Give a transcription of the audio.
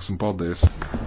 sanāksmi. Paldies!